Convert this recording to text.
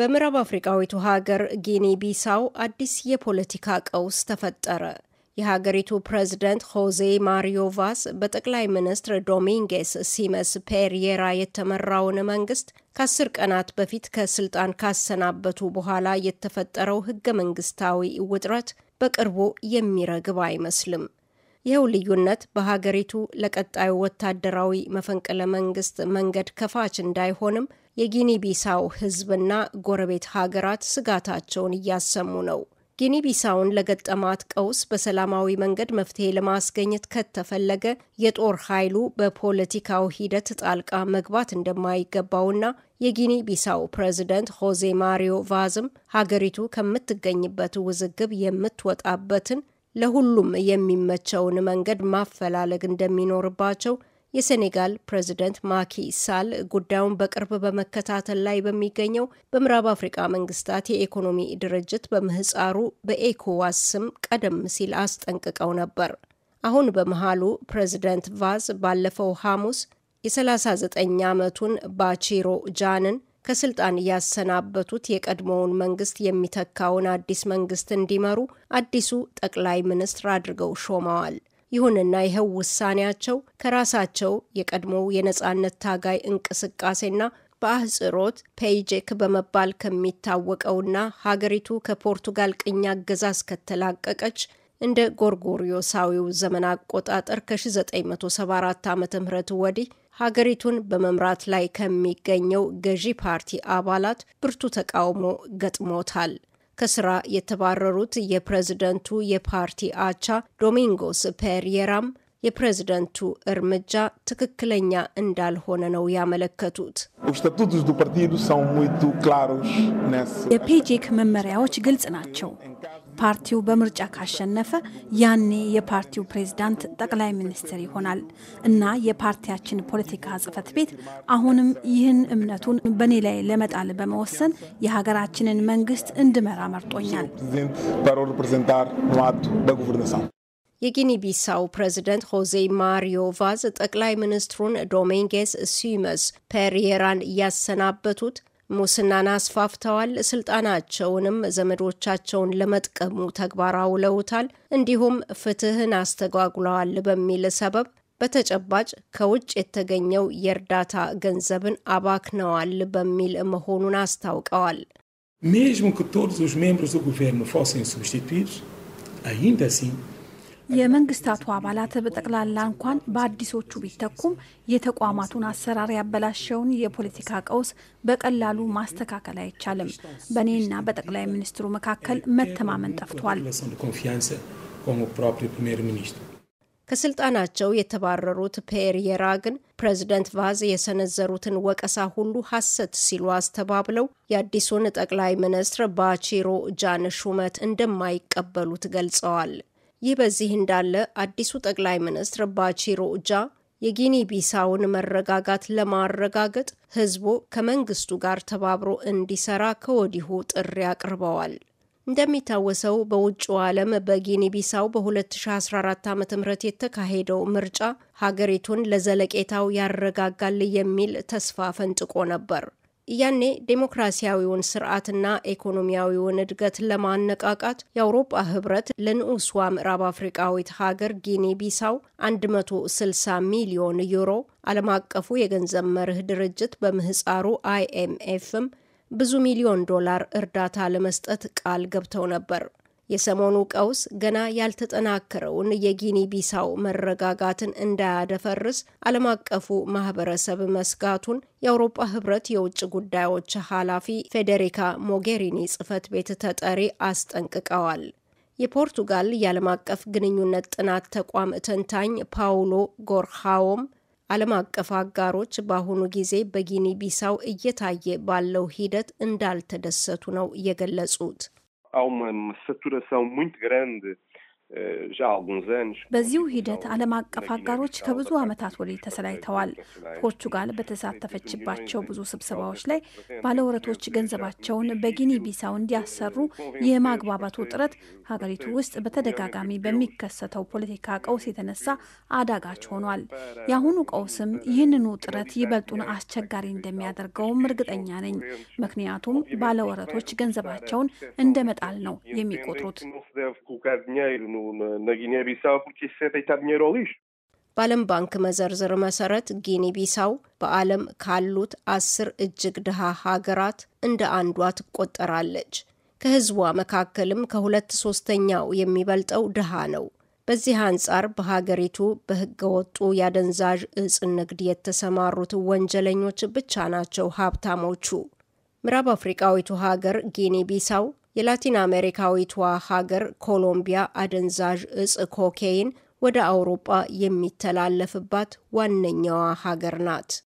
በምዕራብ አፍሪቃዊቱ ሀገር ጊኒ ቢሳው አዲስ የፖለቲካ ቀውስ ተፈጠረ። የሀገሪቱ ፕሬዝደንት ሆዜ ማሪዮ ቫስ በጠቅላይ ሚኒስትር ዶሚንጌስ ሲመስ ፔሪየራ የተመራውን መንግስት ከአስር ቀናት በፊት ከስልጣን ካሰናበቱ በኋላ የተፈጠረው ህገ መንግስታዊ ውጥረት በቅርቡ የሚረግብ አይመስልም። ይኸው ልዩነት በሀገሪቱ ለቀጣዩ ወታደራዊ መፈንቅለ መንግስት መንገድ ከፋች እንዳይሆንም የጊኒ ቢሳው ሕዝብና ጎረቤት ሀገራት ስጋታቸውን እያሰሙ ነው። ጊኒ ቢሳውን ለገጠማት ቀውስ በሰላማዊ መንገድ መፍትሄ ለማስገኘት ከተፈለገ የጦር ኃይሉ በፖለቲካው ሂደት ጣልቃ መግባት እንደማይገባውና የጊኒ ቢሳው ፕሬዚደንት ሆዜ ማሪዮ ቫዝም ሀገሪቱ ከምትገኝበት ውዝግብ የምትወጣበትን ለሁሉም የሚመቸውን መንገድ ማፈላለግ እንደሚኖርባቸው የሴኔጋል ፕሬዚደንት ማኪ ሳል ጉዳዩን በቅርብ በመከታተል ላይ በሚገኘው በምዕራብ አፍሪቃ መንግስታት የኢኮኖሚ ድርጅት በምህፃሩ በኤኮዋስ ስም ቀደም ሲል አስጠንቅቀው ነበር። አሁን በመሃሉ ፕሬዚደንት ቫዝ ባለፈው ሐሙስ የ39 ዓመቱን ባቺሮ ጃንን ከስልጣን ያሰናበቱት የቀድሞውን መንግስት የሚተካውን አዲስ መንግስት እንዲመሩ አዲሱ ጠቅላይ ሚኒስትር አድርገው ሾመዋል። ይሁንና ይኸው ውሳኔያቸው ከራሳቸው የቀድሞው የነጻነት ታጋይ እንቅስቃሴና በአህጽሮት ፔይጄክ በመባል ከሚታወቀውና ሀገሪቱ ከፖርቱጋል ቅኝ አገዛዝ ከተላቀቀች እንደ ጎርጎሪዮሳዊው ዘመን አቆጣጠር ከ1974 ዓ ም ወዲህ ሀገሪቱን በመምራት ላይ ከሚገኘው ገዢ ፓርቲ አባላት ብርቱ ተቃውሞ ገጥሞታል። ከስራ የተባረሩት የፕሬዝደንቱ የፓርቲ አቻ ዶሚንጎስ ፔሪየራም የፕሬዝደንቱ እርምጃ ትክክለኛ እንዳልሆነ ነው ያመለከቱት። የፔጄክ መመሪያዎች ግልጽ ናቸው። ፓርቲው በምርጫ ካሸነፈ ያኔ የፓርቲው ፕሬዝዳንት ጠቅላይ ሚኒስትር ይሆናል እና የፓርቲያችን ፖለቲካ ጽፈት ቤት አሁንም ይህን እምነቱን በእኔ ላይ ለመጣል በመወሰን የሀገራችንን መንግስት እንድመራ መርጦኛል። የጊኒ ቢሳው ፕሬዝደንት ሆዜ ማሪዮ ቫዝ ጠቅላይ ሚኒስትሩን ዶሜንጌስ ሲመስ ፐሪየራን እያሰናበቱት ሙስናን አስፋፍተዋል፣ ስልጣናቸውንም ዘመዶቻቸውን ለመጥቀሙ ተግባር አውለውታል፣ እንዲሁም ፍትህን አስተጓጉለዋል በሚል ሰበብ በተጨባጭ ከውጭ የተገኘው የእርዳታ ገንዘብን አባክነዋል በሚል መሆኑን አስታውቀዋል። ሜስሞ que todos os membros do governo የመንግስታቱ አባላት በጠቅላላ እንኳን በአዲሶቹ ቢተኩም የተቋማቱን አሰራር ያበላሸውን የፖለቲካ ቀውስ በቀላሉ ማስተካከል አይቻልም። በእኔና በጠቅላይ ሚኒስትሩ መካከል መተማመን ጠፍቷል። ከስልጣናቸው የተባረሩት የራ ግን ፕሬዚደንት ቫዝ የሰነዘሩትን ወቀሳ ሁሉ ሐሰት ሲሉ አስተባብለው የአዲሱን ጠቅላይ ሚኒስትር ባቺሮ ጃን ሹመት እንደማይቀበሉት ገልጸዋል። ይህ በዚህ እንዳለ አዲሱ ጠቅላይ ሚኒስትር ባቺሮ ኡጃ የጊኒ ቢሳውን መረጋጋት ለማረጋገጥ ህዝቡ ከመንግስቱ ጋር ተባብሮ እንዲሰራ ከወዲሁ ጥሪ አቅርበዋል። እንደሚታወሰው በውጭው ዓለም በጊኒ ቢሳው በ2014 ዓ ም የተካሄደው ምርጫ ሀገሪቱን ለዘለቄታው ያረጋጋል የሚል ተስፋ ፈንጥቆ ነበር። ያኔ ዴሞክራሲያዊውን ስርዓትና ኢኮኖሚያዊውን እድገት ለማነቃቃት የአውሮፓ ህብረት ለንዑሷ ምዕራብ አፍሪቃዊት ሀገር ጊኒ ቢሳው 160 ሚሊዮን ዩሮ ዓለም አቀፉ የገንዘብ መርህ ድርጅት በምህፃሩ አይኤምኤፍም ብዙ ሚሊዮን ዶላር እርዳታ ለመስጠት ቃል ገብተው ነበር። የሰሞኑ ቀውስ ገና ያልተጠናከረውን የጊኒ ቢሳው መረጋጋትን እንዳያደፈርስ ዓለም አቀፉ ማህበረሰብ መስጋቱን የአውሮፓ ህብረት የውጭ ጉዳዮች ኃላፊ ፌዴሪካ ሞጌሪኒ ጽህፈት ቤት ተጠሪ አስጠንቅቀዋል። የፖርቱጋል የዓለም አቀፍ ግንኙነት ጥናት ተቋም ተንታኝ ፓውሎ ጎርሃውም ዓለም አቀፍ አጋሮች በአሁኑ ጊዜ በጊኒ ቢሳው እየታየ ባለው ሂደት እንዳልተደሰቱ ነው የገለጹት። há uma saturação muito grande በዚሁ ሂደት ዓለም አቀፍ አጋሮች ከብዙ ዓመታት ወዲህ ተሰላይተዋል። ፖርቹጋል በተሳተፈችባቸው ብዙ ስብሰባዎች ላይ ባለወረቶች ገንዘባቸውን በጊኒ ቢሳው እንዲያሰሩ የማግባባቱ ጥረት ሀገሪቱ ውስጥ በተደጋጋሚ በሚከሰተው ፖለቲካ ቀውስ የተነሳ አዳጋች ሆኗል። የአሁኑ ቀውስም ይህንኑ ጥረት ይበልጡን አስቸጋሪ እንደሚያደርገውም እርግጠኛ ነኝ። ምክንያቱም ባለወረቶች ገንዘባቸውን እንደመጣል ነው የሚቆጥሩት። na Guiné ቢሳው porque isso é deitar dinheiro ao lixo. በዓለም ባንክ መዘርዝር መሰረት ጊኒ ቢሳው በዓለም ካሉት አስር እጅግ ድሃ ሀገራት እንደ አንዷ ትቆጠራለች። ከህዝቧ መካከልም ከሁለት ሶስተኛው የሚበልጠው ድሃ ነው። በዚህ አንጻር በሀገሪቱ በህገወጡ የአደንዛዥ እጽ ንግድ የተሰማሩት ወንጀለኞች ብቻ ናቸው ሀብታሞቹ። ምዕራብ አፍሪቃዊቱ ሀገር ጊኒ ቢሳው የላቲን አሜሪካዊቷ ሀገር ኮሎምቢያ አደንዛዥ እጽ ኮኬይን ወደ አውሮጳ የሚተላለፍባት ዋነኛዋ ሀገር ናት።